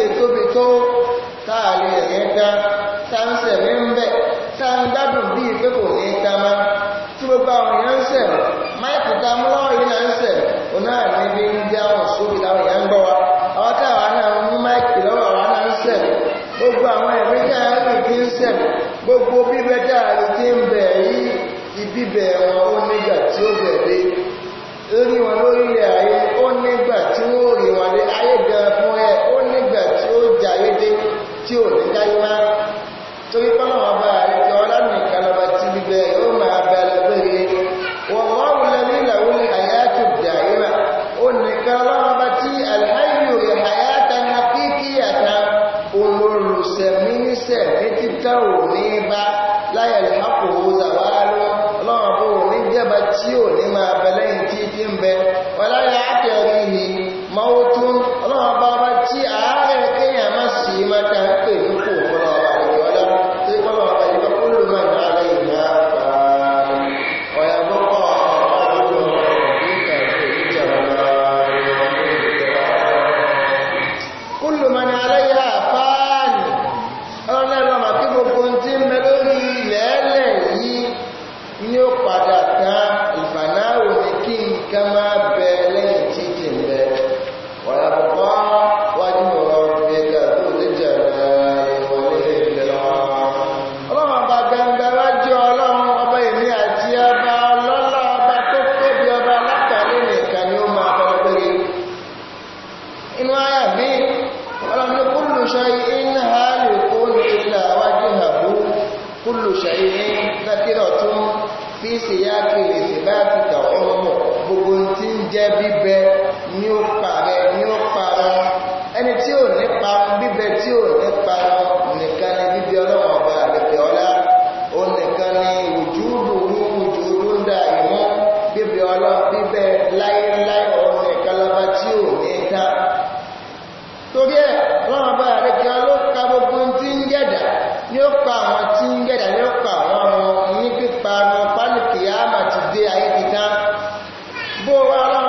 ṣe tóbi tó táàlẹ̀ rẹ̀ dá sáńsẹ̀ mi ń bẹ̀ sáńdádùn bíi pé kò ní ta má tí gbogbo àwọn èèyàn ń sẹ̀ máìkì ta mú láwọn yìí náà ń sẹ̀ òun náà ní bí ń bí àwọn sóbì láwọn èèyàn ń gbọ́ wa àwọn táwa náà mú máìkì lọ́wọ́ àwa náà ń sẹ̀ gbogbo àwọn ẹ̀mí náà ń rìn kí ń sẹ̀ gbogbo bíbẹ́ dáàlì tí ń bẹ̀ yìí ibíbẹ̀ wọn ó nígbà tí ó bẹ̀ dé lórí wọn lórí ilẹ̀ ayé ó nígbà tí wọ́n rí wọn dé ayé gan fún ẹ ó jàrédé tí ò ní dáyé máa torí pọ́nà ọba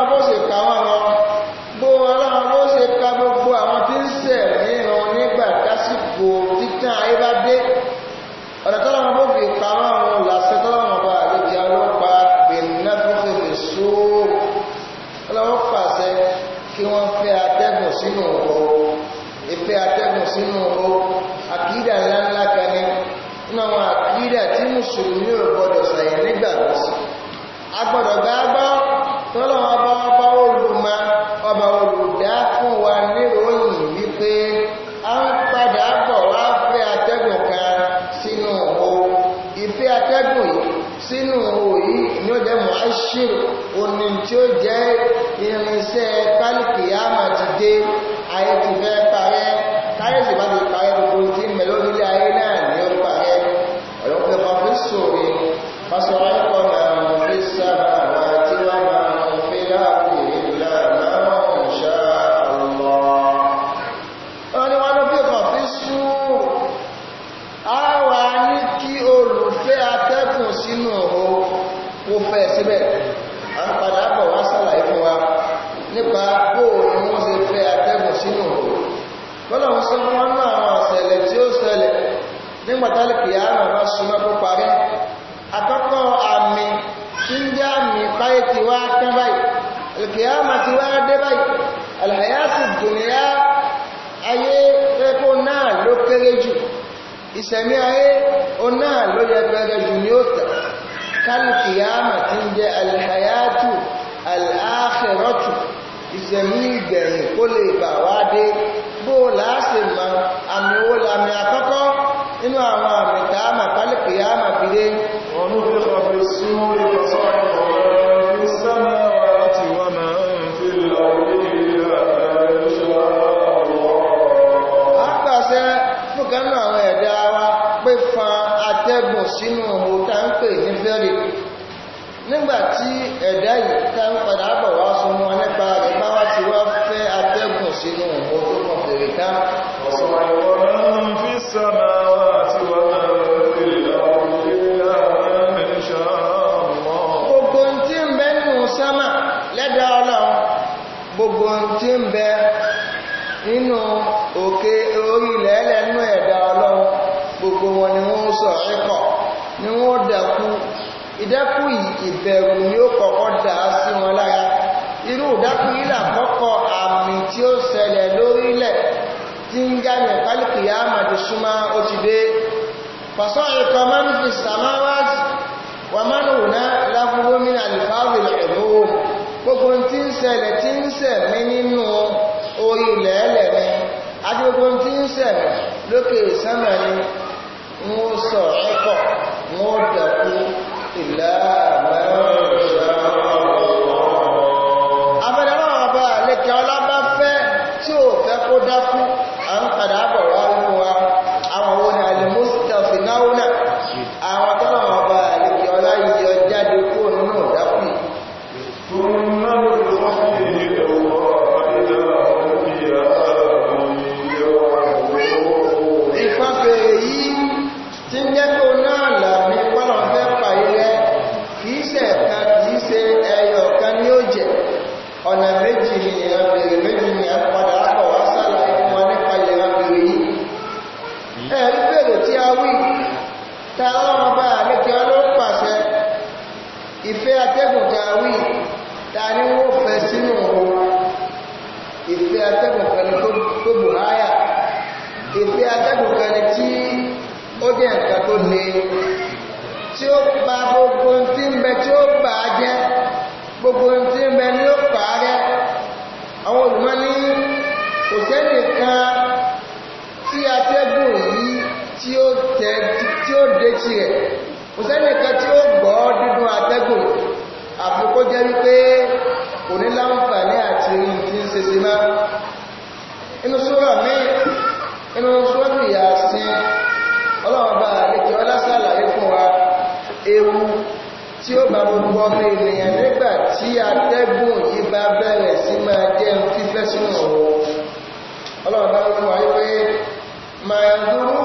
ọlọ́run bó ṣe kà wọ́n lọ bó ọlọ́run bó ṣe ka gbogbo àwọn tí ń sẹ̀ nírun nígbà tásìkò títàn ayé bá dé ọ̀nà tọ́lọ́run bó fi kà wọ́n lọ làṣẹ tọ́lọ́run bá àlejò ọlọ́pàá bẹ̀rẹ̀ tó fi lè so ọlọ́run pàṣẹ kí wọ́n fẹ́ atẹ́gùn ìfẹ́ atẹ́gùn sínú o àkídà ńláńlá kan ní nínú àwọn àkídà tí mùsùlùmí dé báyìí alhayasi dùnìyà ayé pẹ́kọ́ náà ló kéré jù ìsẹ̀mí ayé o náà ló yẹ pẹ́rẹ jù ní ó tẹ̀ kálùkìyàmà tí ń jẹ alhayatu al'akhiratu ìsẹ̀mí ìgbẹ̀yìn kó lè bà wá dé bó láàṣẹ ma àmì owó lámì àkọ́kọ́ nínú àwọn àmì tààmà kálùkìyàmà fi dé ọ̀nà òfin àpàṣẹ fúnkánú àwọn ẹ̀dá wa pé fa atẹ́gùn sínú ohun tá ń pè ní fẹ́rẹ̀ nígbàtí ẹ̀dá yìí tá ń padà bọ̀ wá sọ mọ́ nípa rẹ̀ bá wá ti wá fẹ́ atẹ́gùn sínú ohun tó kàn fèrè ká ọ̀sán ìwọ̀n fi sọ́mọ́ àti wọ́n gbogbo tí ń bẹ nínú òkè orí ilẹ̀ ẹlẹ́nu ẹ̀dá ọlọ́run gbogbo wọn ni wọ́n sọ ni wọ́n dẹ̀kú ìdẹ́kù ìbẹ̀rù ni ó kọ́kọ́ dà á sí wọn lára irú ìdẹ́kù ami àkọ́kọ́ àmì tí ó ṣẹlẹ̀ lórílẹ̀ tí ń gáyẹ̀ kálùkì àmàdì súnmá ó ti dé pàṣọ ìkọ máa ń wà máa ń wù ná gbogbo tí ń ṣẹlẹ̀ tí ń ṣẹ̀mí orí ilẹ̀ ẹlẹ̀ ni adégbogbo tí ń sẹ̀rẹ̀ lókè sánà ni wọ́n sọ ẹ̀kọ́ wọ́n dẹ̀kú ìlà abẹ́rẹ́ náà bá lẹ́kẹ́ ọlá bá fẹ́ tí ò fẹ́ kó dákú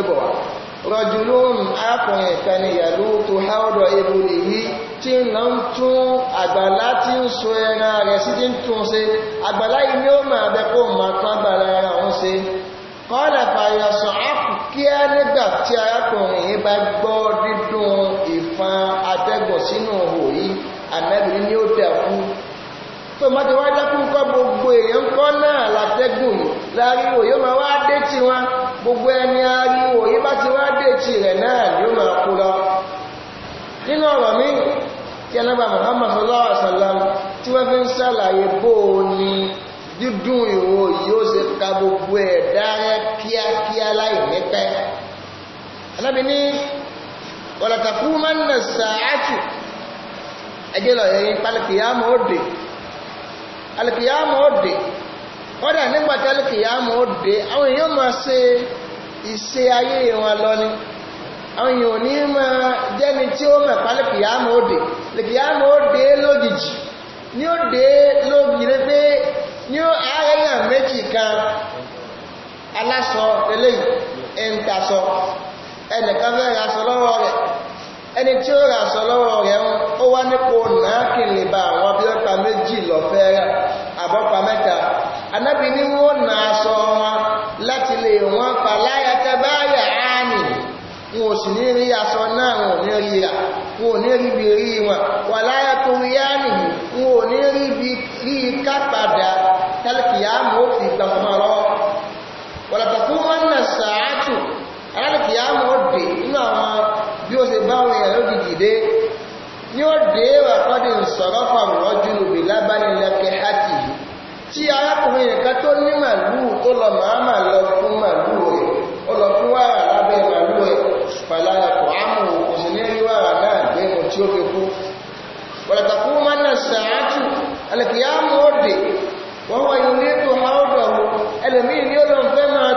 gbé bọ̀ wá rọ̀jùlóhùn arákùnrin kan ni yàlú tó háọ́dọ̀ ebòlè yìí tí na ń tún àgbàlá tí ń so ẹran rẹ̀ sí tí ń tún ṣe àgbàlá ilé ó máa bẹ kó máa tán àgbàlá ara òun ṣe kọ́lẹ̀ fàyọ̀sọ̀ ápù kí á nígbà tí arákùnrin yìí bá gbọ́ dídùn ìfan atẹ́gùn sínú òhò yìí ànábìrin ni ó dẹ̀kú tó máa ti wá dẹ́kú kọ́ gbogbo èèyàn kọ́ náà látẹ́gùn láàrin òyó máa wá dé tiwọn gbogbo ẹni ariwo yí bá ti wá dèjì rẹ̀ náà ni ó máa kú lọ nínú ọ̀rọ̀ mi tí anábà Muhammad sallallahu alaihi wasallam tí wọ́n fi ń sàlàyé bó o ní dídùn ìwò yìí ó ṣe ka gbogbo ẹ̀ dárẹ́ kíákíá láì nípẹ́ anábì ní ọ̀làtàkú máa ń nà sàáàtù ẹjẹ́ lọ kọ́dà nígbàtálì kìyàmù ó dé àwọn èèyàn máa ṣe ìṣe ayé wọn lọ ni àwọn èèyàn ò ní máa jẹ́ni tí ó mọ̀ pálí kìyàmù ó dé kìyàmù ó dé lójijì ní ó dé lójijì pé ní ó àárẹ̀yàn méjì kan aláṣọ eléyìí ẹ̀ǹtàṣọ ẹnìkan fẹ́ raṣọ lọ́wọ́ rẹ̀ ẹni tí ó raṣọ lọ́wọ́ rẹ̀ ó wá nípò náà kìlìbà àwọn bí ó pa méjì lọ rẹ̀ àbọ́pa mẹ́ta anábì ní wọ́n na aṣọ wọn láti lè wọ́n pa láyàtẹ́ báyà áàmì wọn ò sì ní rí aṣọ náà wọn ò ní rí rà wọn ò ní rí bí rí wọn wà láyà tó rí áàmì wọn ò ní rí bí rí kápadà tálkìyà mọ́ fi gbàmọ́ lọ́wọ́ wọ̀làtàkú wọn nà sàátù alálìkìyà mọ́ dé nínú àwọn bí ó ṣe báwọn èèyàn lójijì dé ní ó dé wà kọ́dí sọ̀rọ̀ fàmù rọ́jú lùbí lábánilẹ́kẹ́ tí arákùnrin ẹ̀ká tó ní màlúù tó lọ màámà lọ fún màlúù ẹ̀ ó lọ fún wàrà lábẹ́ màlúù ẹ̀ pàlàyàpọ̀ ámù òsì ní rí wàrà náà gbẹ́mù tí ó fi kú pàtàkù mọ́nà sàátù alìkìyàmù òdè wọ́n wà yìí ní tó ha ọ̀dọ̀ ẹlòmíì ní olóńfẹ́ máa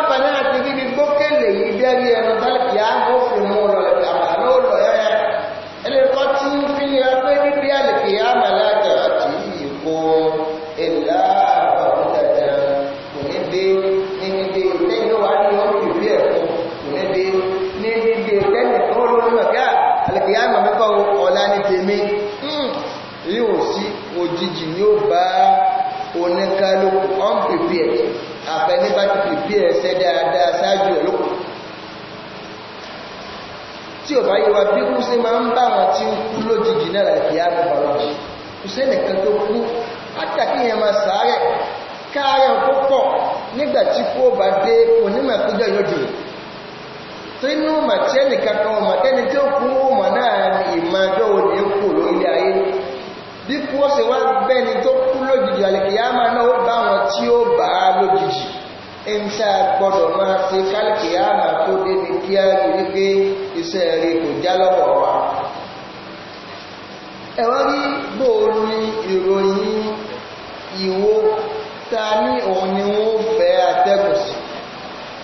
iṣẹ́ dáadáa ṣáájú ọlọ́kù tí ò bá yẹ wa bí kú sí máa ń bá wọn tí ó kú lójijì náà láti yá bàbá lójì kú sí nìkan tó kú látàkì yẹn máa sàárẹ̀ káàrẹ̀ púpọ̀ nígbà tí kú ó bá dé onímọ̀ ìpínlẹ̀ yóò dìrò tó inú màtíẹ́ nìkan kan bí kú wá bẹ́ni tó kú lójijì àlèkìyá máa náà ó bá wọn tí ó bá lójijì ńṣá gbọ́dọ̀ máa ṣe kálíkì àmà tó débi kí á rí wípé iṣẹ́ rí kò já lọ́wọ́ wa. ẹ̀wá rí bóòlù ìròyìn ìwo ta ní òun ni wọ́n fẹ́ atẹ́gùn sí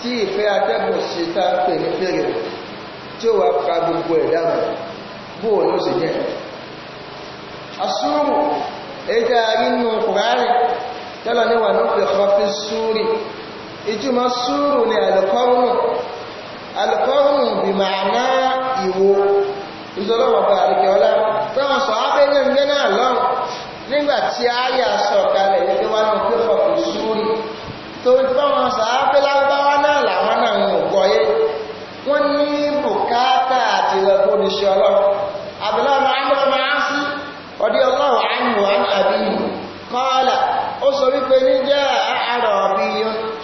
tí ìfẹ́ atẹ́gùn sí ta ń pè ní pèrè tí ó wà ká gbogbo ẹ̀dá rẹ̀ bóòlù ó sì jẹ́ asúrù ẹja nínú kùránì tẹ́lọ̀ níwà ló fi kọ́ fi súrì ìtumọ̀ sùúrù ni alùkọ́rùn alùkọ́rùn bí màánà ìwò ìjọlọ́wọ̀gbà àríkẹ́ọlá táwọn sọ ábẹ́lẹ̀ ń gẹ́nà lọ́rùn nígbàtí ayà sọ kalẹ̀ yẹ́gbẹ́ wá ní pẹ́fọ̀ kò sùúrù tó táwọn sọ ábẹ́lágbáwá náà làwọn náà ń gọ́yé wọ́n ní bùkátà àti lọ́gbọ́n oníṣẹ́ ọlọ́run abdullahi muhammad ma'asi ó sọ wípé ní jẹ́ àárọ̀ bí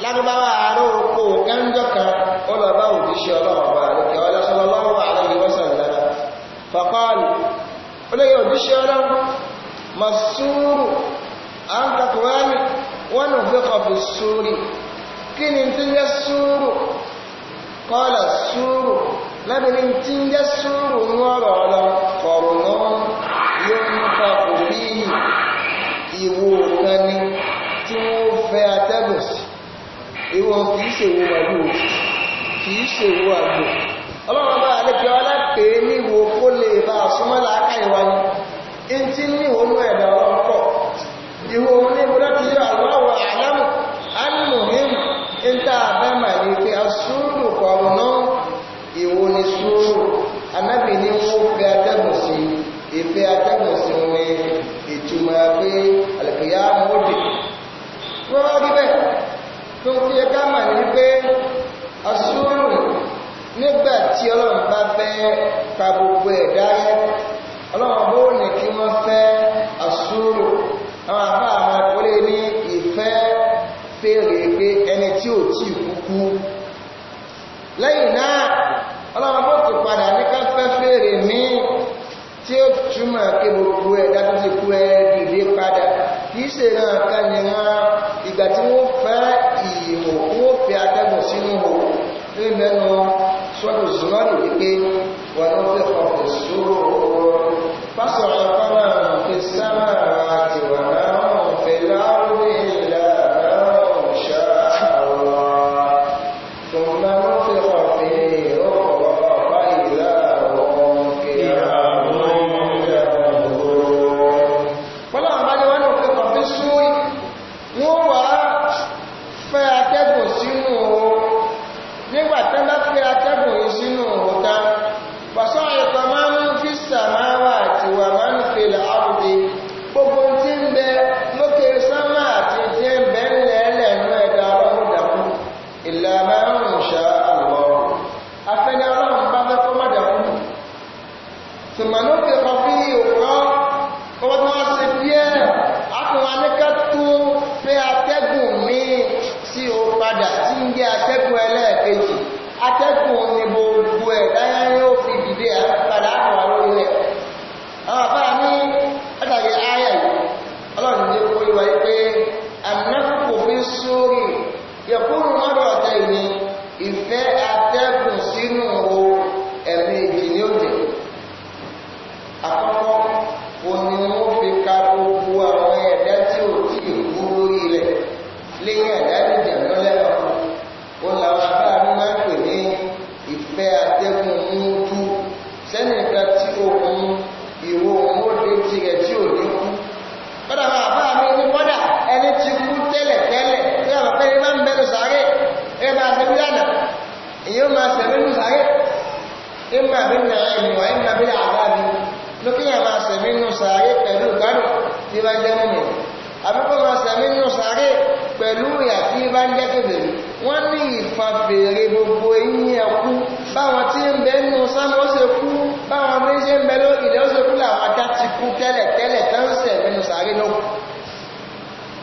lágbàbá àárọ̀ oko gánjọ́ kan ó lọ bá òjíṣẹ́ ọlọ́ọ̀bà lókè ọlọ́sọlọ́wọ́ àlẹ́yìn wọ́sàn lára fàkọ́ọ̀lù ó lè òjíṣẹ́ ọlọ́wọ́ masúrù à ń kakùránì wọ́n nù fi kọ̀fì súrì kí ni ti jẹ́ súrù kọ́ọ̀lá súrù lábẹ́ni ti jẹ́ súrù ń wọ́rọ̀ ọlọ́ kọ̀rùn náà yóò ń kọ́ ìwò kan ni tí wọ́n fẹ́ atẹ́gùn sí ìwọ kìí ṣèwò àgbò kìí ṣèwò àgbò ọlọ́run bá àlejò alápè ní ìwò kó lè bá súnmọ́lá aká ìwà ni in ti ní ìwò mú ẹ̀dà ọlọ́pọ̀ ìwò ní rọ́rọ́ bíbẹ̀ tó ń fi ẹgbẹ́ àmà ní pé asúrù nígbà tí ọlọ́run bá fẹ́ pa gbogbo ẹ̀dá yẹ ọlọ́run bó ní kí wọ́n fẹ́ asúrù àwọn àbá àwọn akọ́lé ní ìfẹ́ fèrè pé ẹni tí ò tí kúkú lẹ́yìn náà ọlọ́run bó ti padà ní ká fẹ́ tí ó túmọ̀ pé gbogbo ẹ̀dá ti kú ẹ̀ dìde padà kì í ṣe náà ká ní wọ́n ìgbà tí wọ́n fẹ́ ìhò wọ́n fẹ́ atẹ́gùn sínú hò ní mẹ́nu sọ́dọ̀ zùmọ́rì wípé wọ́n ló fẹ́ kọfẹ́ sóró pásọ̀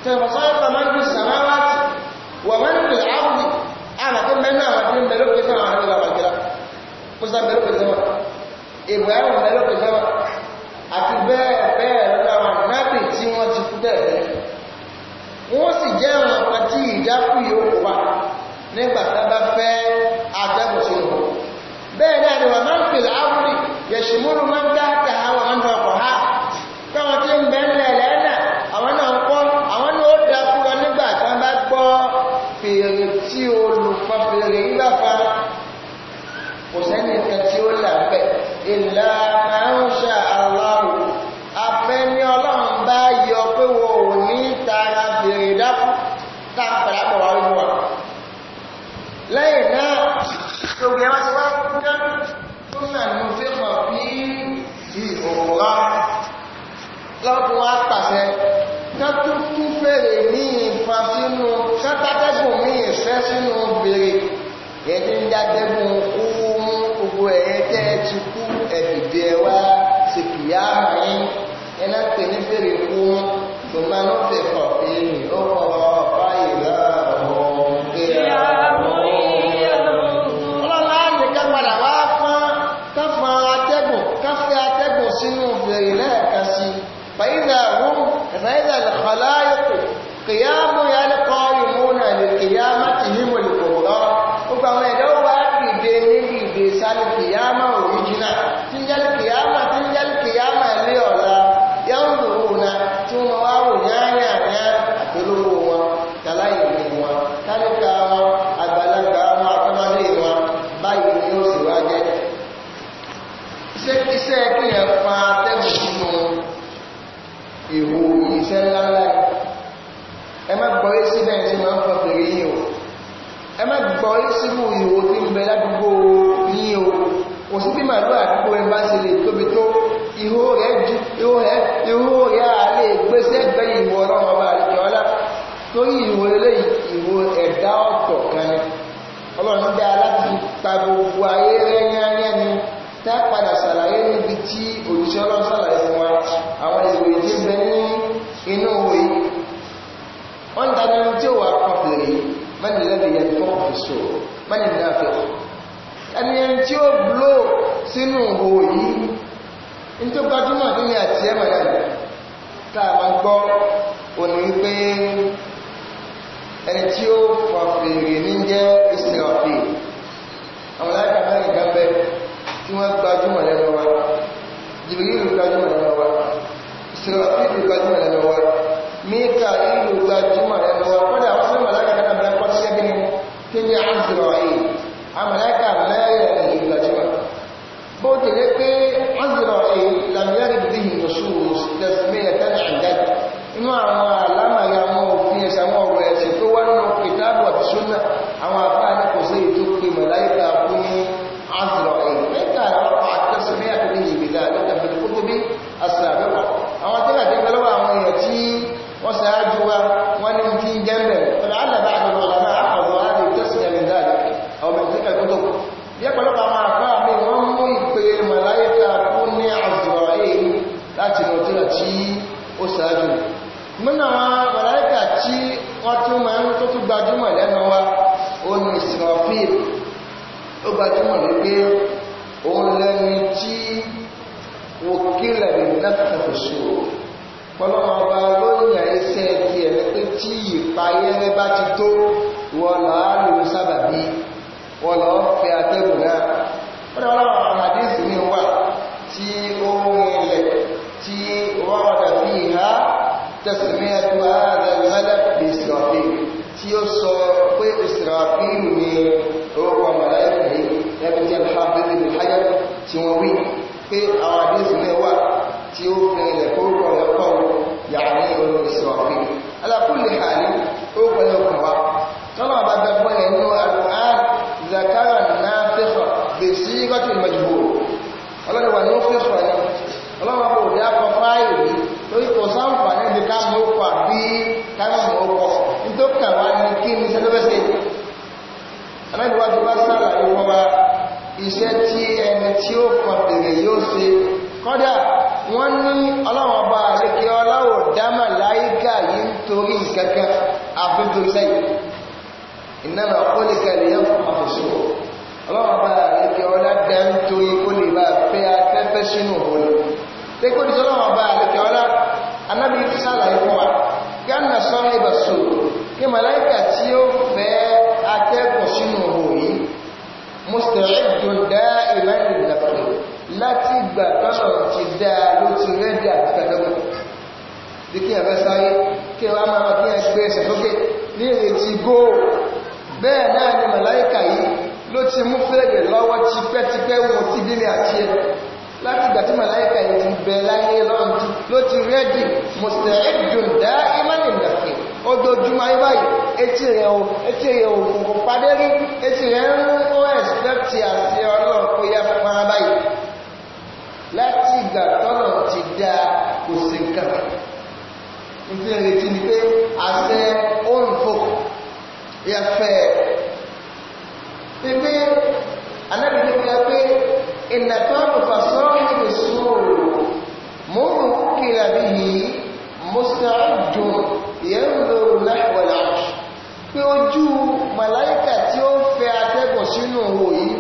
tẹ̀wọ̀sọ́rọ̀ man fi samawati wa man fi ardi àlàkó mẹ́nà àti mẹ́lọ́pẹ̀ fún àwọn ìlànà ìjọba musa mẹ́lọ́pẹ̀ sẹ́wà ibrahim mẹ́lọ́pẹ̀ sẹ́wà àti bẹ́ẹ̀ bẹ́ẹ̀ lọ́wọ́ nábì tí wọ́n ti kú bẹ́ẹ̀ wọ́n sì jẹ́ àwọn àpàtì ìjákù yòókù wa nígbà tá bá fẹ́ atẹ́gùn sí wọn bẹ́ẹ̀ náà ni wọ́n máa ń pè láàbùrì yẹ̀ṣùmúrù máa lọ́dún wá pàṣẹ kátútú fèrè ní ìfà sínú kátàtẹ́gùn ní ìṣẹ́ sínú bèrè ẹni ń dátẹ́gùn owó mú gbogbo ẹ̀yẹ tẹ́ ti kú ẹ̀dìdì ẹwà sì kìyà rìn ẹ̀nà pè ní fèrè kú tó máa ń fẹ́ kọ̀ pé ní ó kọ̀ القيامة sí bí màlúù àdúgbò ẹ bá ṣe lè tóbi tó ihò rẹ̀ jù ihò rẹ̀ ihò rẹ̀ àlè gbéṣẹ́ gbẹ́ ìwọ ọlọ́run ọba àríkẹ́ ọlá torí ìwò eléyìí ìwò ẹ̀dá ọ̀tọ̀ kan ni ọlọ́run dá láti pa gbogbo ayé rẹ́yẹ́rẹ́ ni tá padà ṣàlàyé níbi tí òjíṣẹ́ ọlọ́run ṣàlàyé fún wa tó kọfì sóò mẹ́rin ẹni ẹni tí ó bló sínú òhò yìí ní tó gbajúmọ̀ nínú àti ẹmọ̀ rẹ̀ tá a máa gbọ́ òní wípé ẹni tí ó fà fèrè ní jẹ́ ìsìnkàfè àwọn aláìkàfẹ́ ìgbàgbẹ́ tí wọ́n gbajúmọ̀ lẹ́nu wa jìbìrì ìlú gbajúmọ̀ lẹ́nu wa ìsìnkàfè ìlú gbajúmọ̀ lẹ́nu wa mika ìlú gbajúmọ̀ lẹ́nu sàlàyé wọn bá iṣẹ́ tí ẹni tí ó kọ bèrè yóò ṣe kọ́dà wọ́n ní ọlọ́wọ́n bá àríkẹ́ ọláwọ̀ dámà láyíká yìí ń torí ìkẹ́kẹ́ àfíntò sẹ́yìn ìnáwà ó lè dá ń torí kó lè bá fẹ́ afẹ́fẹ́ sínú òun tẹ́kọ́ ní sọ́lọ́wọ́n bá àríkẹ́ ọlá anábì sàlàyé fún wa kí á nà sọ́rọ̀ ìbàṣọ́ kí màláìkà tí ó fẹ́ atẹ́kọ̀ọ́ sínú musta'id da'iman lẹ́fọ́ láti ìgbà tọ́nà ti dáa ló ti rẹ́dì àtìkàdọ́gbọ̀n bí kí ẹ̀fẹ́ sáré kí wá máa kí ẹ gbé ẹsẹ̀ sókè ní ìrètí góò bẹ́ẹ̀ náà ni màláìkà yìí ló ti mú fèrè lọ́wọ́ tipẹ́tipẹ́ wọn ti bí mi àti ẹ láti ìgbà tí màláìkà yìí ti bẹ̀ láyé lọ́rùn ló ti rẹ́dì musta'id da'iman lẹ́fọ́ ojoojúmọ́ ayé báyìí etí rẹ̀ o etí rẹ̀ o kò padé rí etí rẹ̀ ń mú ó ẹ̀sìpẹ́pì àti ọlọ́run kó yá fara báyìí láti ìgbà tọ́nà ti dá kò sí nǹkan nítorí retí ni pé àṣẹ òǹfò yẹfẹ́ pípé anábìyí ni pé ìnàtọ́nù fasọ́ọ̀nù ìṣòro mú kìlà bíi mùsàlùdùn yanzuru nahwa al-arsh pé ojú màláíkà tí ó fẹ́ atẹ́gùn sínú òhò yìí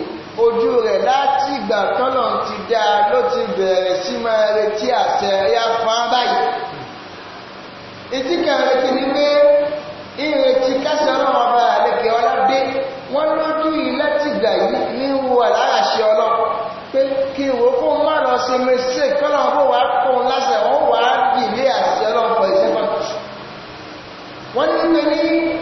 ojú rẹ̀ láti ìgbà tọ́lọ̀ ti dá ló ti bẹ̀rẹ̀ sí máa retí àṣẹ ya fán báyìí ìtíkà rẹ̀ ti ní pé ìrètí kásẹ̀ ọlọ́run ọba àlekè ọlá dé wọ́n lójú yìí láti ìgbà yìí ní wà láàṣẹ ọlọ́run pé kí ìwò kó má lọ sí mẹ́sẹ̀ kọ́lọ̀ wọ́n wà kóun lásẹ̀ wọ́n wà á والنبي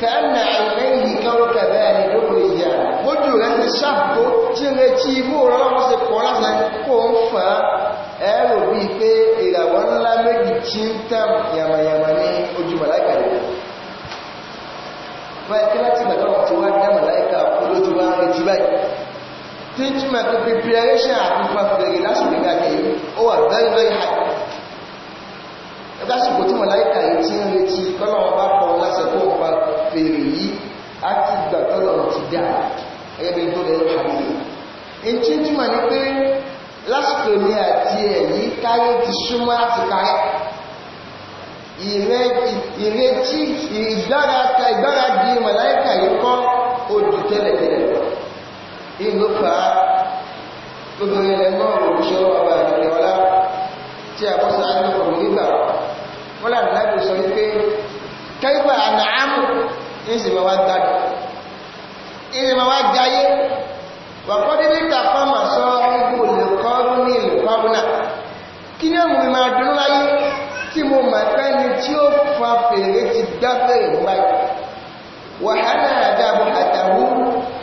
كأن عينيه كوكبان رؤيا ojú rẹ̀ ti ṣàbò tí ń retí ibú ọlọ́run sí pọ̀ lásán kó ń fà á ẹ̀rù bí pé ìràwọ̀ ńlá rẹ̀ báyìí báyìí tí ń túmọ̀ pé preparation àti lásìkò tí màláíkà yìí ti ń retí kọ́lọ́wọ́ bá kọ́ lásìkò ọba fèrè yìí á ti gbà tọ́lọ́wọ́ ti dá ẹgbẹ́ tó lẹ́nu àmì ẹ̀ tí ń túmọ̀ ní pé lásìkò ní àti ẹ̀yí káyé ti súnmọ́ láti káyé ìrètí ìgbáradì ìgbáradì màláíkà yìí kọ́ odù tẹ́lẹ̀tẹ́lẹ̀ inú fa gbogbo ilẹ̀ náà òṣèlú ọba ìrìnlẹ̀ ọlá tí a bọ́ sáájú ọ̀rọ̀ nígbà wọ́n lànà láti sọ wípé kẹ́gbà àmàámù ìsìnmọ̀ wá gbádùn ìsìnmọ̀ wá jayé wàkọ́dínlẹ́ta fọ́mà sọ igbó lẹ́kọ́rú ní ìlúkọ́rúnà kí ní ọmọ ìmọ̀ àdúrú láyé tí mo mọ̀ pẹ́ ni tí ó fa fèrè ti gbá fèrè wáyé wàhálà àdàbò àtàwù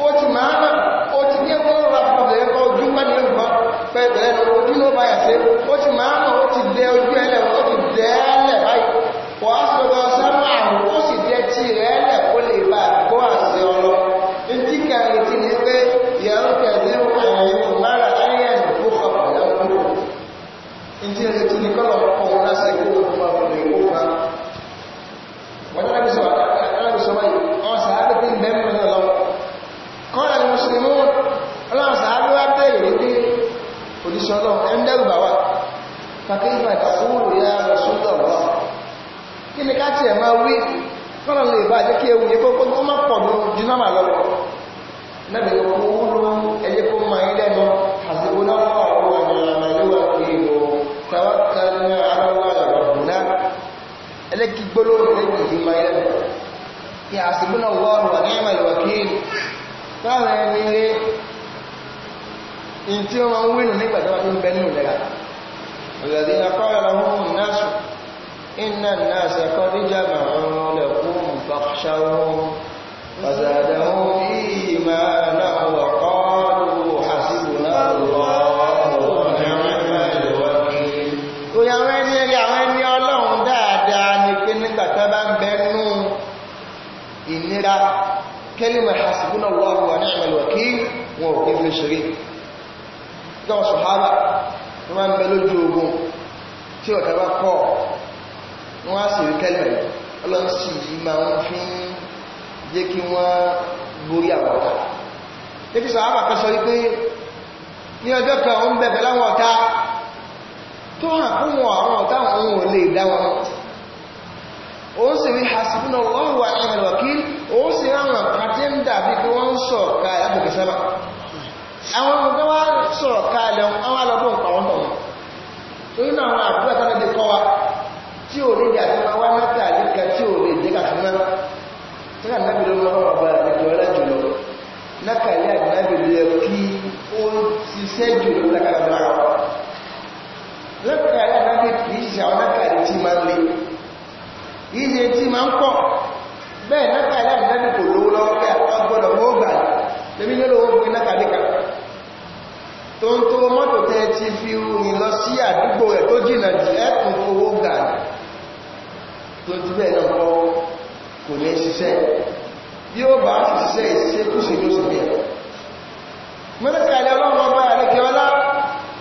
ó ti máa mọ̀ ó ti ní ẹgbẹ́ ọ̀rọ̀ àpapọ̀ ẹ̀kọ́ ojú pẹ́ ní ẹgbọ́n pẹ́ ojú ló báyà sí ó ti máa mọ̀ ó ti lẹ ojú já tiẹ̀ máa wí kọ́nà lè bá jẹ́ kí ewu yẹ kó kó má pọ̀ nù ju náà lọ náà lè kó wúlò ẹyẹ kó máa yín lẹ́nu àsìkò náà wà wọ́n wà ní ọ̀nà ìlú wà kí ìlú tàwa kan ní ara wà lọ́rọ̀ náà ẹlẹ́kí gbólóhùn lẹ́yìn ìlú máa yín lẹ́nu kí àsìkò náà ń wí nù nígbà tí wọn ti ń bẹ إن الناس قد جمعوا لكم فاخشوهم فزادهم إيمانا وقالوا حسبنا الله ونعم الوكيل قل يا ويلي يا ويلي ọlọ́run dáadáa ni pé nígbà tá bá ń bẹnu ìnira kẹ́lìmọ̀ hasibuna Allah wa ni'mal wakil ò kéfì ṣeré gbọ́n sọ̀hábà wọ́n máa ń ogun tí ọ̀tá bá kọ́ wọ́n á sì rí kẹ́lẹ̀ ọlọ́run sì yí máa ń fi ń jẹ́ kí wọ́n borí àwọn ọ̀tá níbi sọ àwọn àkọsọ wípé ní ọjọ́ kan ó ń bẹ̀bẹ̀ láwọn ọ̀tá tó hàn fún wọn àwọn ọ̀tá òun ò lè dá wọn ó sì rí hasibuna wọ́n wà ìrìnlọ kí ó sì ráwọn àwọn níkà kan náà níkà náà bìí lọ́wọ́ ọba ẹ̀kọ́ ẹ̀rẹ́ jùlọ náà ilé àgbàbì lè kí ó ṣiṣẹ́ jùlọ lákàtà lára wa lẹ́kọ̀ọ́ ilé àgbàbì kìí ṣe àwọn náà tí máa ń le iye tí máa ń pọ̀ bẹ́ẹ̀ náà ilé àgbàbì kò lówó lọ́wọ́ pé àwọn gbọ́dọ̀ wọ́n gbà lẹ́mí lọ́wọ́ gbé náà kàdíkà tó ń tó mọ́tò tẹ́ ti fi kò ní ṣiṣẹ́ bí ó bá ṣiṣẹ́ ìṣẹ́kúṣe ló sì bí ẹ̀ mẹ́lẹ́kàlẹ́ ọlọ́run ọba àlẹ́kẹ́ ọlá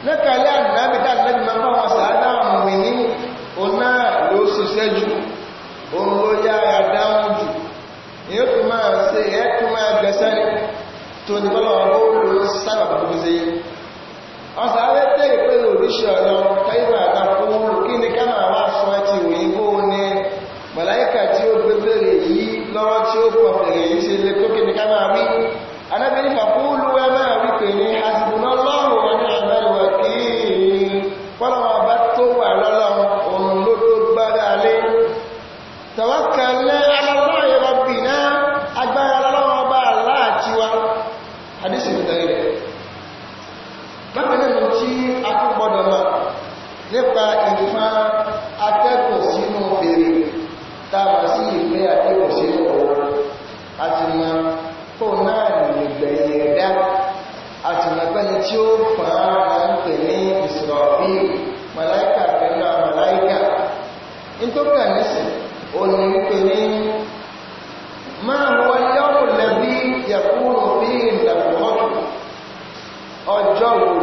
lẹ́kàlẹ́ ànábìtà lẹ́bí máa bá wọn sàádà mùmí ní ọ̀nà ló ṣiṣẹ́ jù òun ló yára dáhùn jù ní ó tún máa ṣe ẹ́ tún máa gbẹ̀sẹ̀ tó ní bọ́lọ̀ ọlọ́run ló sábà bọ́ lọ́rọ̀ tí ó pọ̀ tẹ̀lẹ̀ yìí ṣe lè tó ní ká máa rí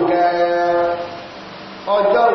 òun gan-an ọjọ́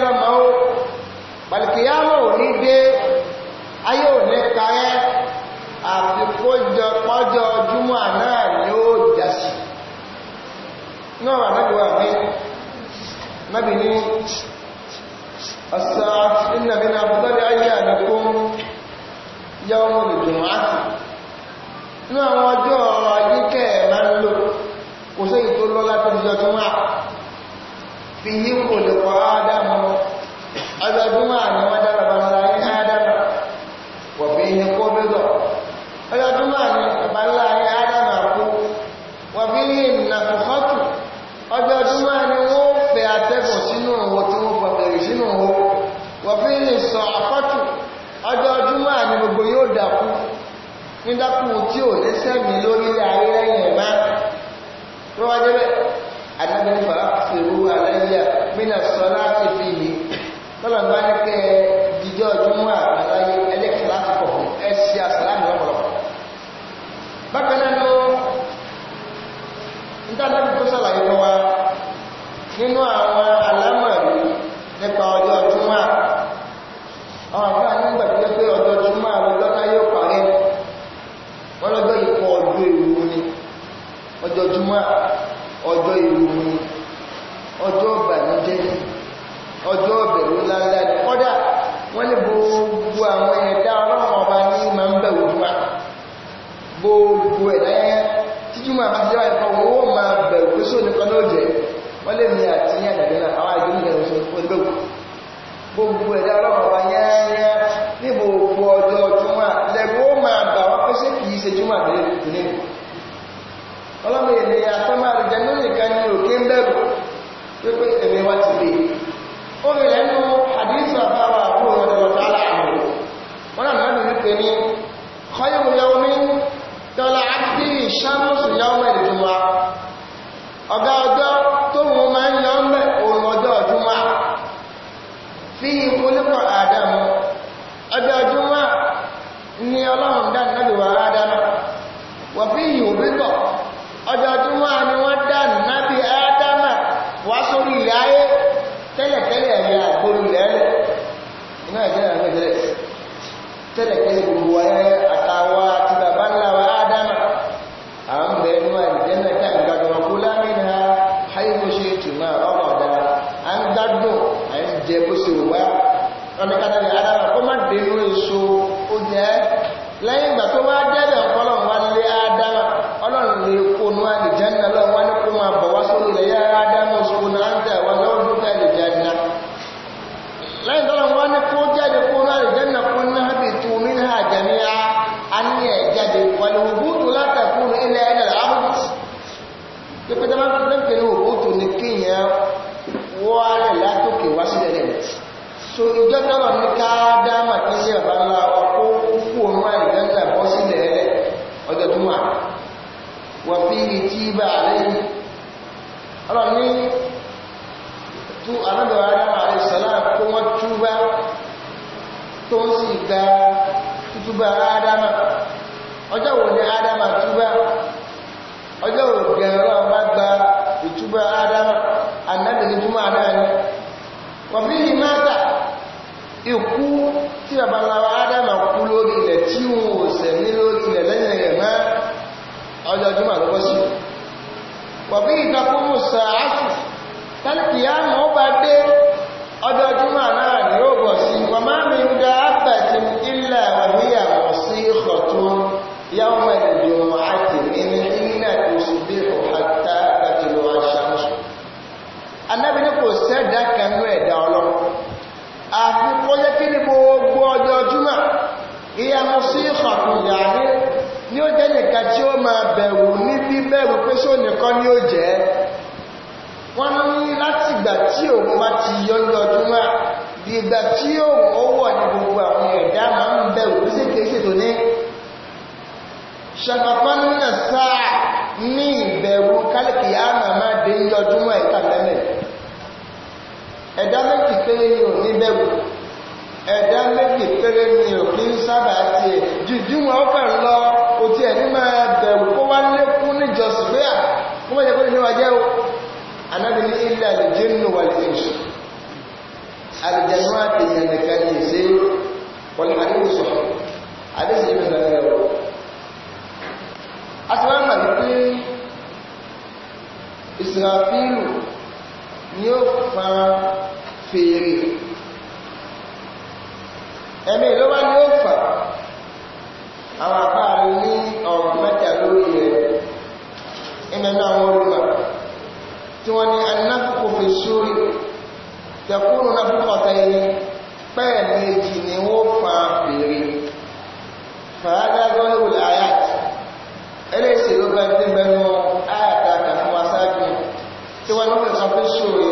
bẹ́ẹ̀ mau ó pàlìkìyàmọ̀ ò ní dé ayé ò ní ka ẹ́ àti kójọ pọ́jọ júmọ́ náà ni ó jásí náà wà ni nabi ní nábi ní ọ̀sá ìnàbí náà bọ́lẹ̀ ayé àdàkún yá ọmọ ìdùnnú àti ní àwọn ọjọ́ ayíkẹ́ máa ń lò kò sí ìtò lọ́lá tó tó fi dákùn tí ò ní sẹ́mi lórílẹ̀ ayé lẹ́yìn ẹ̀má tó wá jẹ́bẹ̀ àdábẹ́fà fèrú aláyà mínà sọ́lá ti fi yìí tọ́lọ̀ bá ní kẹ́ ẹ 对对对对 tí ẹ̀ ní máa bẹ̀rù kó wá lékún níjọsìn pé à ah, kó mẹ́jẹ̀ kó ní wá jẹ́ o anábì ní ilẹ̀ àlùjẹ́nu wà lè ṣe àlùjẹ́nu àtẹ̀yàn nìkan ní ìṣe wọlé àdéhùn ẹ̀mí ló wá ní ó fà àwọn àfáàrí ní ọ̀rọ̀ mẹ́ta lórí rẹ̀ ìmẹ́nà àwọn olùmọ̀ tí wọ́n ni anáfíkò fi sórí tẹ̀kúrò náà púpọ̀ta ẹni pẹ́ẹ̀ méjì ni wọ́n fa fèrè fàádágọ́ ìwòlè àyàt ẹlẹ́sì ló bá ti bẹnu àyàtà kàfún aṣáájú tí wọ́n ní fi sórí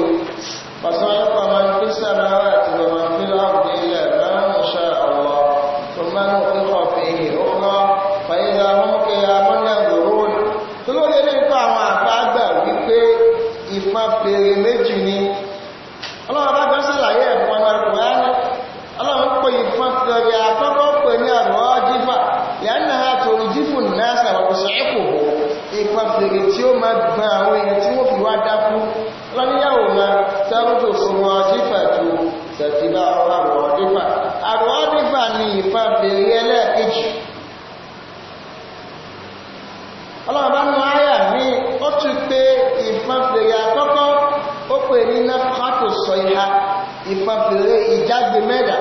sọ ìhá ìfàfèrè ìjágbe mẹ́dà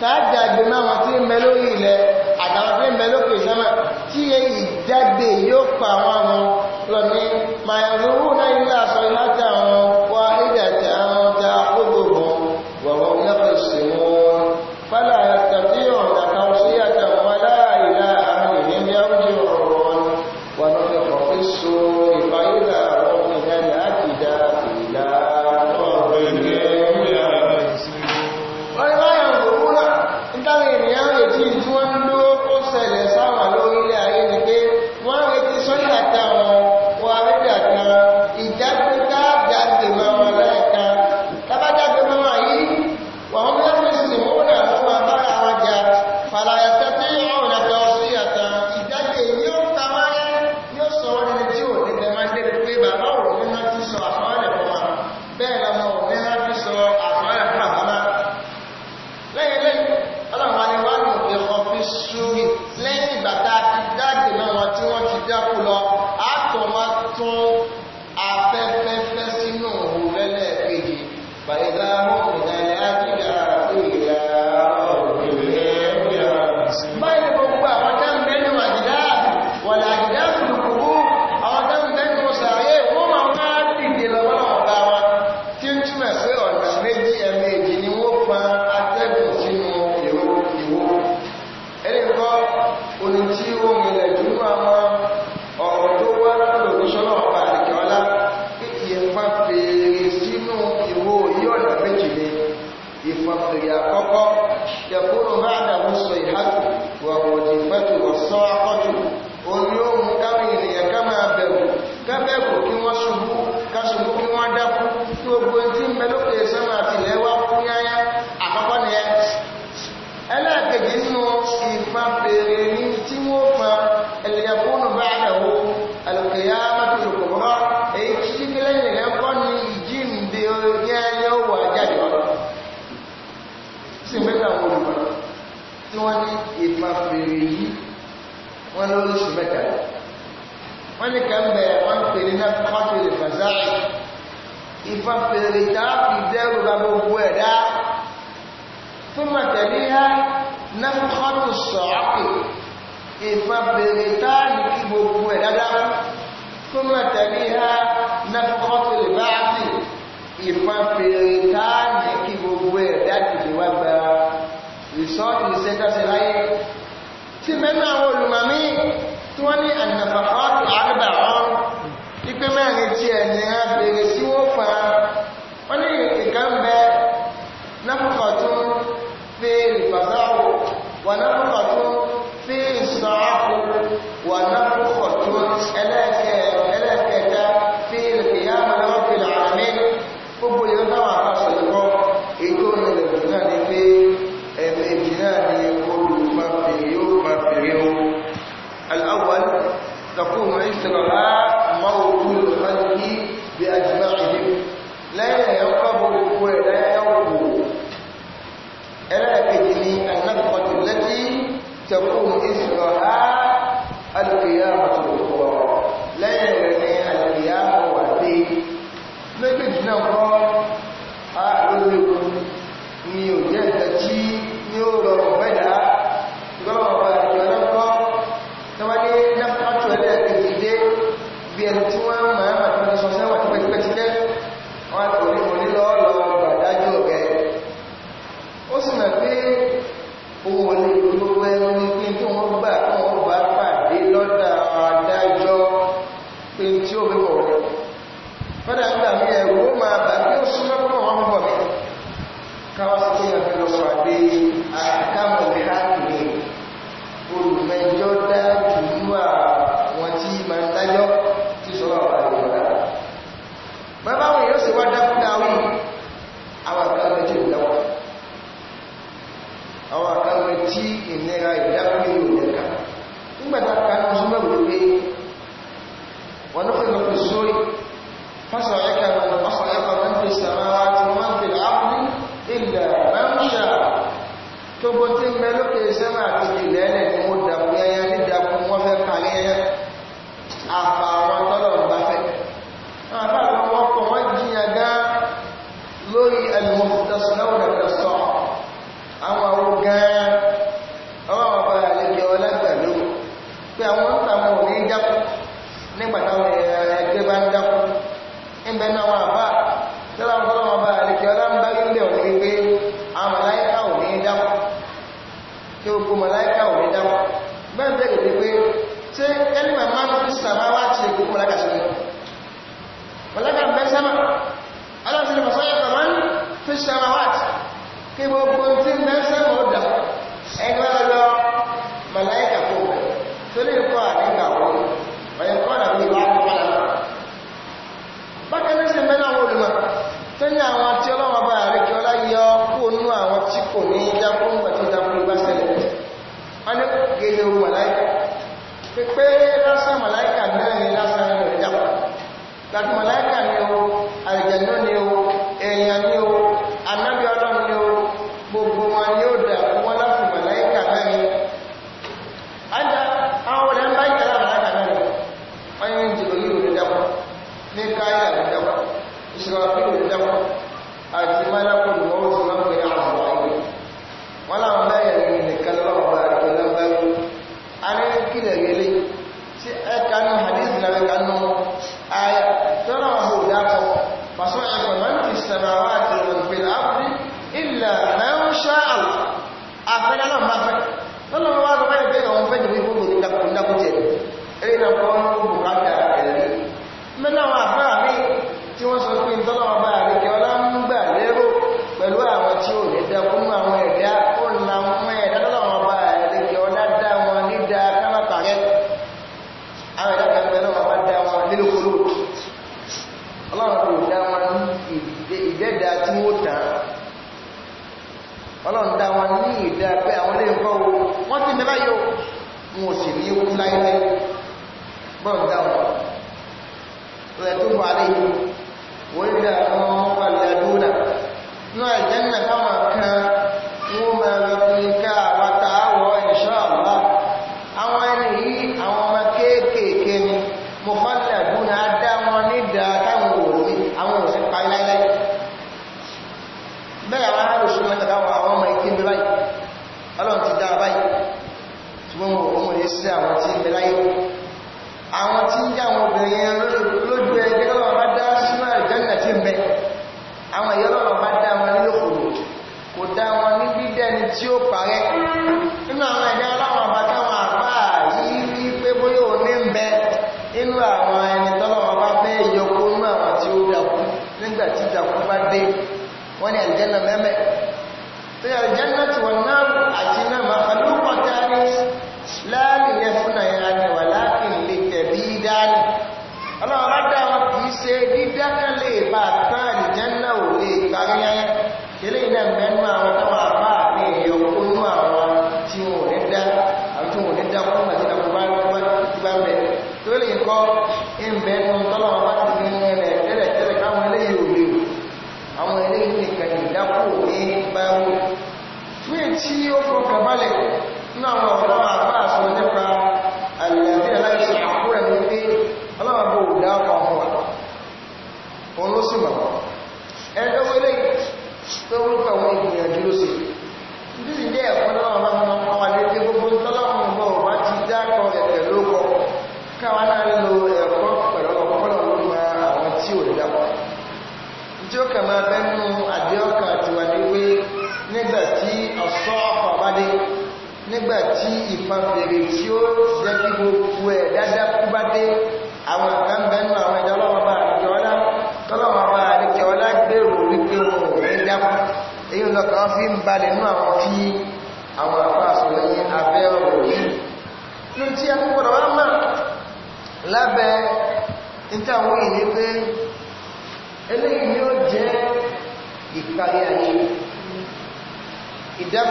tàájàgbe máwọn tí ń bẹ lórí ilẹ̀ àtàwọn tí ń bẹ lókè sánmà tí ìjágbe yóò pa àwọn ọmọ lọ ní mayaruru pé الامتنان يكون مفريو مفريو الأول تكون إسرها Gracias.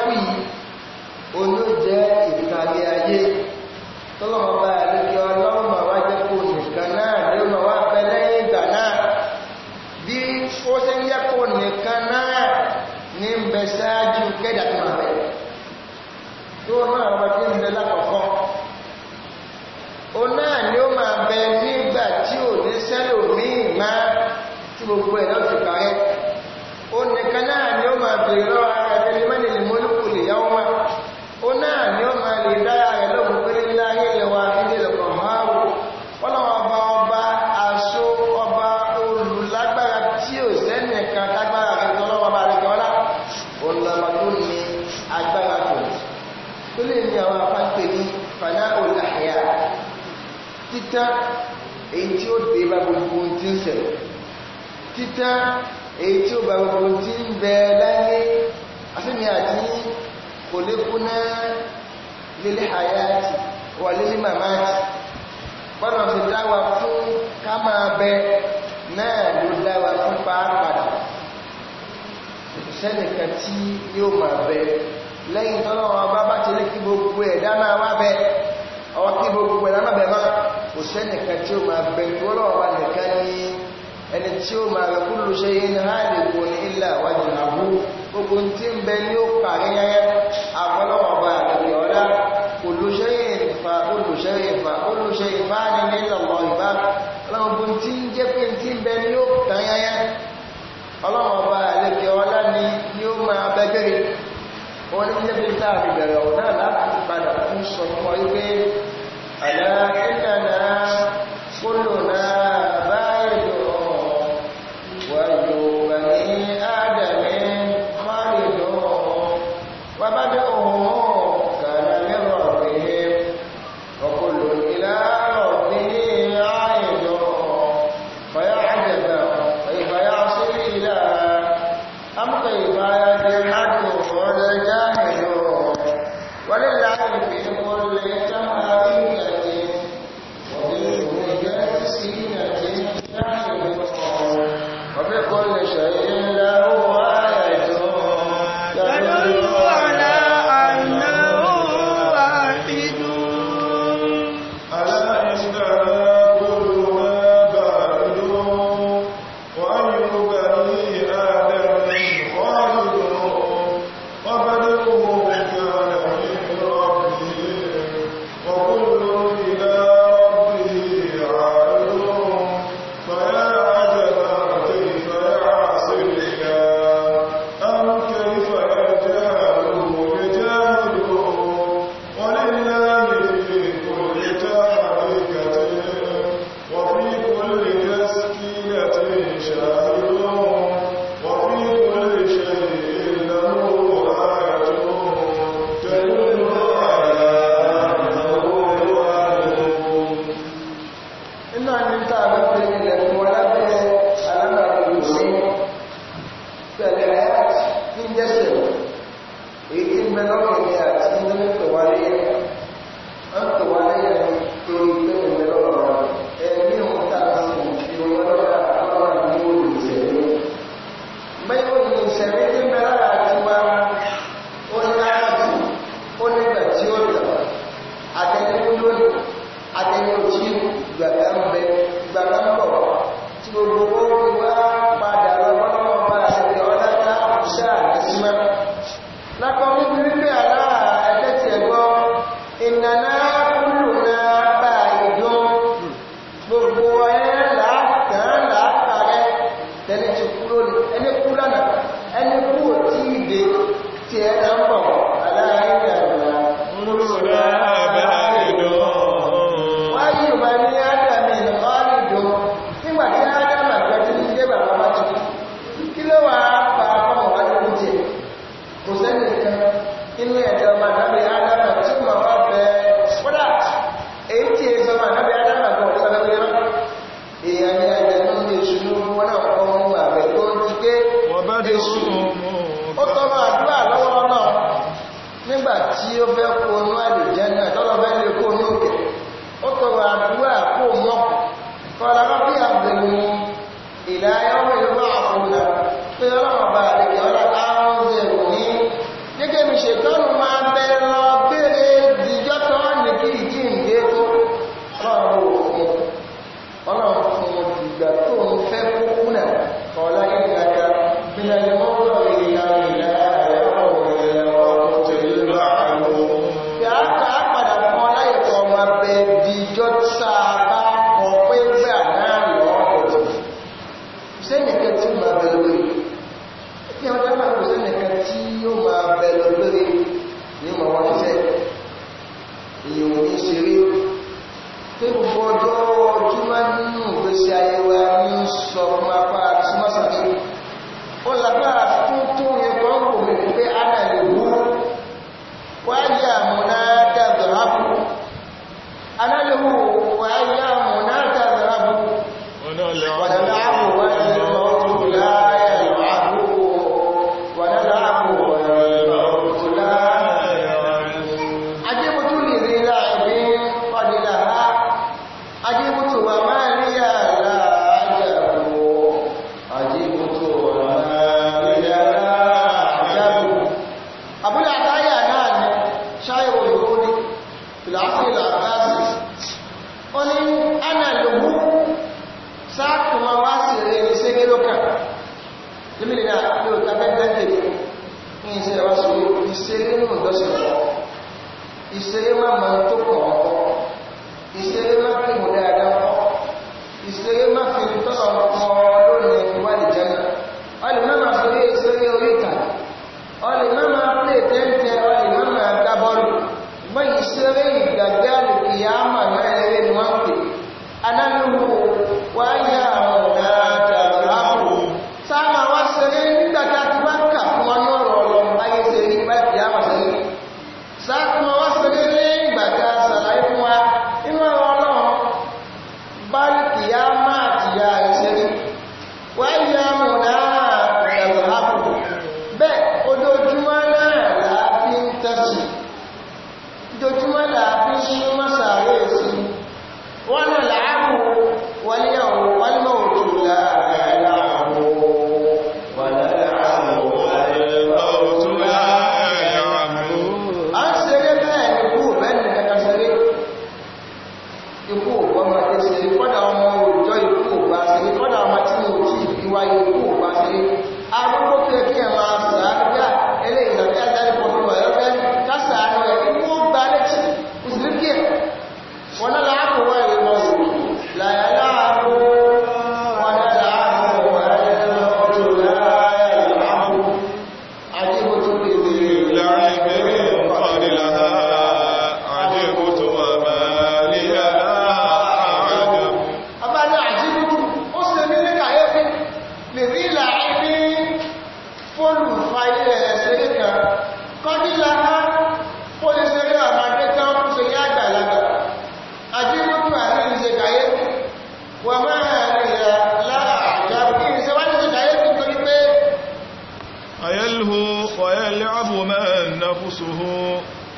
we àti kò lè kúnná lílé àyàtì wà lílé màmáàtì bọ́nà sí dáwà fún ká máa bẹ náà ló dáwà fún pàápàdà sẹ́nìkan tí yóò máa bẹ lẹ́yìn tọ́lọ́wọ́ bá bá ti lé kí gbogbo ẹ̀dá máa wá bẹ ọwọ́ kí gbogbo ẹ̀dá máa bẹ máa kò sẹ́nìkan tí ó máa bẹ tọ́lọ́wọ́ bá nìkan ní ẹni tí ó máa kullu shay'in halikun illa wajhahu gbogbo tí ń bẹ ní ó parí yẹyẹ àfọlọ́wọ́ba àgbẹ̀ ọ̀dá kullu shay'in fa kullu shay'in fa kullu shay'in fa ní nílò wọ́n ìbá ọlọ́gbogbo tí ń jẹ́ pé tí ń bẹ ní ó parí yẹyẹ ọlọ́wọ́ba àgbẹ̀ ọ̀dá ni ni ó máa bẹ́gẹ́rẹ́ wọ́n ní jẹ́ pé tá a láti padà fún sọ fún ọ yí pé àlá ìlànà náà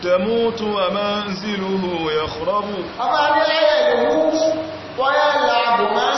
تموت ومنزله يخرب أبعد العيال يموت ويلعب ما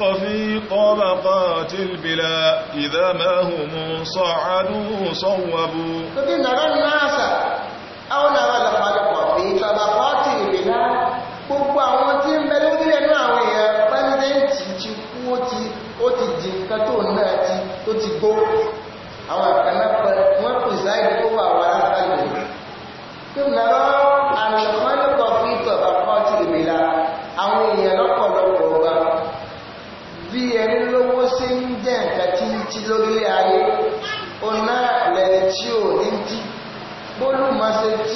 ونفخ في طبقات البلا إذا ما هم صعدوا صوبوا فإن الناس أو نبلغ bá ṣe tí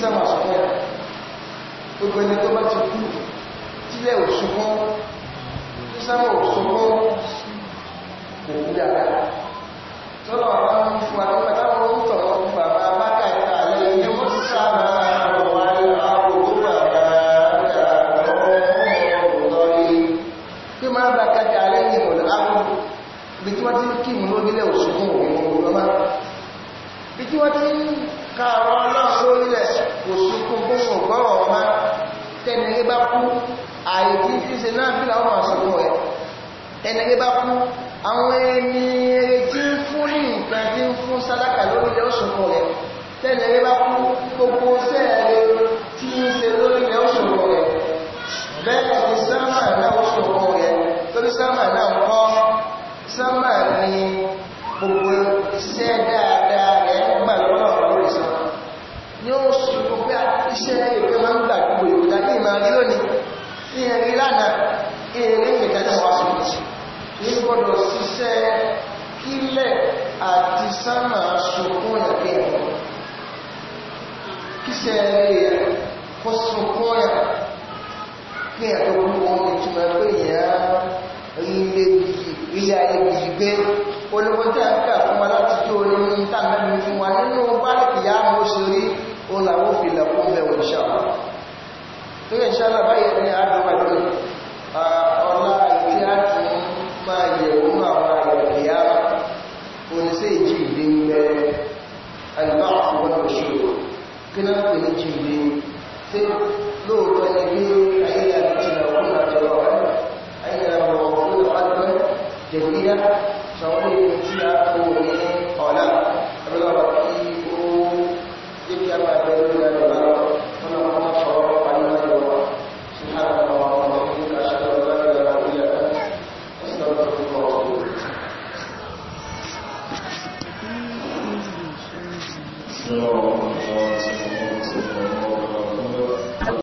sáwọn àṣọ́fẹ́ gbogbo ẹni tó bá ti kú tílẹ̀ òṣùpọ̀ tó sáwọn òṣùpọ̀ kò ní dára tọ́lọ̀ àwọn fún àtọ́kàtàwọn ó tọ̀rọ̀ bàbá bákàtà lẹ́yìn ó sáwọn bí tí wọ́n ti ń kí ìmúlógílẹ̀ òṣùpọ̀ òun ọmọ bí tí wọ́n ti ń ẹni bá kú àyè tí fi ṣe náà fílà ọmọ àṣùkò ẹ̀ ẹni bá kú àwọn ẹni eré tí ń fún ní nǹkan tí ń fún sádákà lórí ilẹ̀ òṣùkò rẹ̀ bá kú gbogbo sẹ́ẹ̀rẹ̀ kí ẹ rí lánàá eré ìtẹ́lẹ̀ wá sùn kí gbọ́dọ̀ ṣiṣẹ́ kílẹ̀ àti sánà sùkún ẹ̀kẹ́ ẹ̀ kí ṣe rí ẹ̀ kó sùkún ẹ̀ kí ẹ̀ tó kú wọn ìtumọ̀ pé ìyẹn rí ilé rí ayé bìí gbé olówó tẹ́ ń kà fún wa láti tó orí ní tàbí fún wa nínú bá ní kìyà mọ́ ṣe rí làwọn òfin lẹ̀kún bẹ̀rù ìṣàkóso tó yẹ ṣe alábáyé ní àdúgbàdì ọ̀la ìtí àti máa yẹ̀wò àwọn àyẹ̀kìyà oníṣẹ́ ìjì ìdí ń bẹ alìbáàfù wọn òṣèlú kí náà pè ní jìndé tí lóòótọ́ ni bí ayé àtìlẹ̀ wọn àjọwọ̀ rẹ̀ ayé àwọ̀ fún ọdún jẹ̀bíyà sọ̀rọ̀